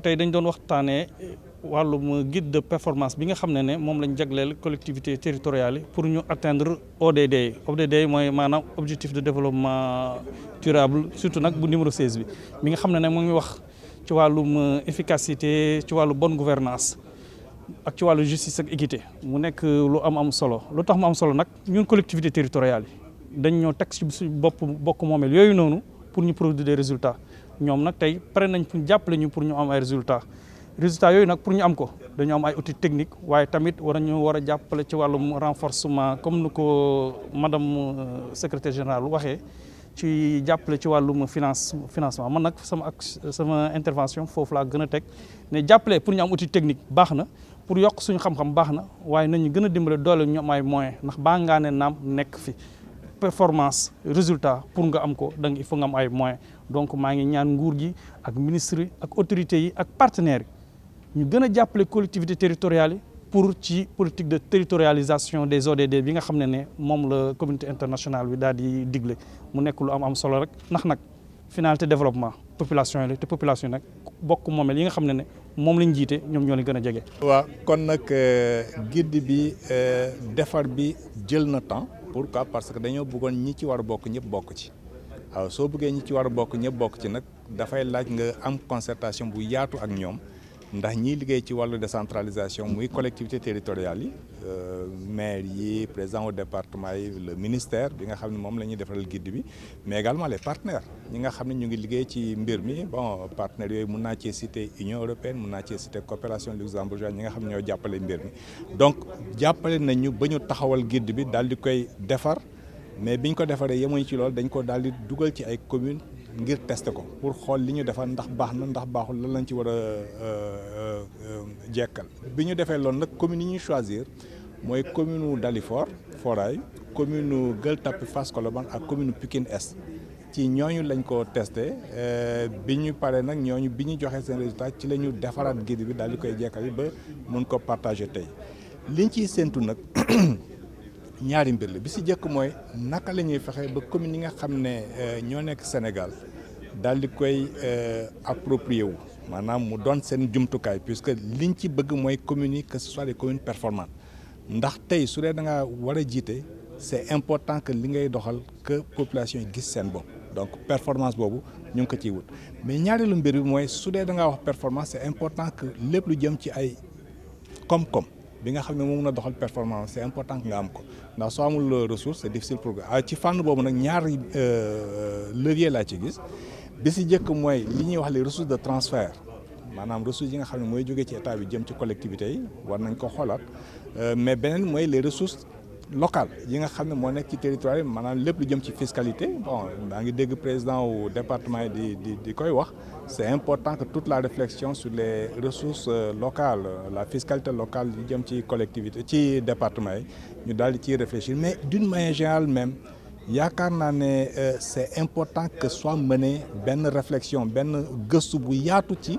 tay dañ doon waxtaanee eh, walum guide de performance bi nga xamné né mom lañ collectivité territoriale pour ñu atteindre ODD ODD moy manam objectifs de développement durable surtout nak bu numéro 16 bi mi nga xamné né mo ngi wax ci walum eh, efficacité ci walum bonne gouvernance ak ci wàllu justice ak équité mu nekk eh, lu am am solo lu tax mu am solo nak ñun collectivité territoriale dañ ñoo tax ci bop bokk momel yoyu nonu pour ñu produire des résultats ñoom nag tey pare nañ pour jàppale ñu pour ñu am ay résultat résultats yooyu nag pour ñu am ko dañu am ay auti technique waaye tamit war nañu war a jàppale ci wàllum renforcement comme nu ko madame euh, secrétaire générale waxee ci jàppale ci wàllum finance financement man nag sama ak sama intervention foofu laa gën a teg ne jàppale pour ñu am outil technique baax na pour yokk suñu xam-xam baax na waaye nañu gën a dimbale doole ñu am ay ndax baa ngaa ne naam nekk fi performance résultat pour nga am ko dang il faut nga am ay moyens donc ma ngi ñaan nguur gi ak ministre ak autorités yi ak partenaires ñu gëna a jàppale collectivités territoriales pour ci politique de territorialisation des ODD bi nga xamné né mom moom la communauté internationale wi daal di diglé mu nekk lu am am solo rek nax nak finalité développement population yi la population nak bokk moomeel yi nga xamné né mom lañu jité ñom ñoo leen gëna jégé wa waaw kon nag euh, guide bi euh, defar bi jël na temps. pour pourquoi parce que dañoo bëggoon ñi ci war a bokk ñëpp bokk ci waaw soo bëggee ñi ci war a bokk ñëpp bokk ci nag dafay laaj nga am consertation bu yaatu ak ñoom ndax ñi liggéey ci walu décentralisation muy collectivité territoriale yi euh, maire yi président au département yi le ministère bi nga xam ne moom la ñuy defaral guide bi mais également les partenaires ñi nga xam ne ñu ngi liggéey ci mbir mi bon partenaires yooyu mun naa cee citer Union européenne mun naa cee citer coopération luxembourgeoise ñi nga xam ne ñoo jàppale mbir mi donc jàppale nañu ba ñu taxawal guide bi daal di koy defar mais biñ ko defaree yemuñ ci lool dañ ko daal di dugal ci ay communes ngir tester ko pour xool li ñu defar ndax baax na ndax baaxul lan lañ ci war a euh, euh, euh, jekkal bi ñu defee loolu nag commune ni ñuy choisir mooy commune wu Dalifort Foirail commune wu Gueule Tapée Fass ak commune Pikine Est ci ñooñu lañ ko testé bi ñu paree nag ñooñu bi ñu joxee seen résultat ci la ñu defaraat guide bi daal di koy jekkal yi ba mun ko partager tey liñ ciy séntu nag ñaari mbir la bi si jëkk mooy naka la ñuy fexe ba commune yi nga xam ne euh, ñoo nekk Sénégal daal di koy euh, approprié wu maanaam mu doon seen jumtukaay puisque liñ ci bëgg mooy commune yi que ce soit des communes performantes ndax tey su dee da nga war a jiite c'est important que li ngay doxal que population yi gis seen bopp donc performance boobu ñu ngi ko ciy wut mais lu mbir bi mooy su dee da ngaa wax performance c'est important que lépp lu jëm ci ay kom-kom bi nga xam ne moom na doxal performance c'est important nga am ko ndax soo amul ressource c'est difficile pour nga ah, ci fànn boobu nag ñaari euh, levier laa ci gis bi si njëkk mooy li ñuy wax les ressources de transfert maanaam ressources yi nga xam ne mooy jóge ci état bi jëm ci collectivités yi war nañ ko xoolaat euh, mais beneen mooy les ressources local yi nga a mo nek ci territoire yi maanaam lu jëm ci fiscalité bon daa dégg président au département di di koy wax c'est important que toute la réflexion sur les ressources euh, locales la fiscalité locale les jëm ci collectivité ci département ñu dal ci réfléchir mais d'une manière générale même yaakaar naa ne euh, c'est important que soit menée benn réflexion benn gëstu bu yaatu ci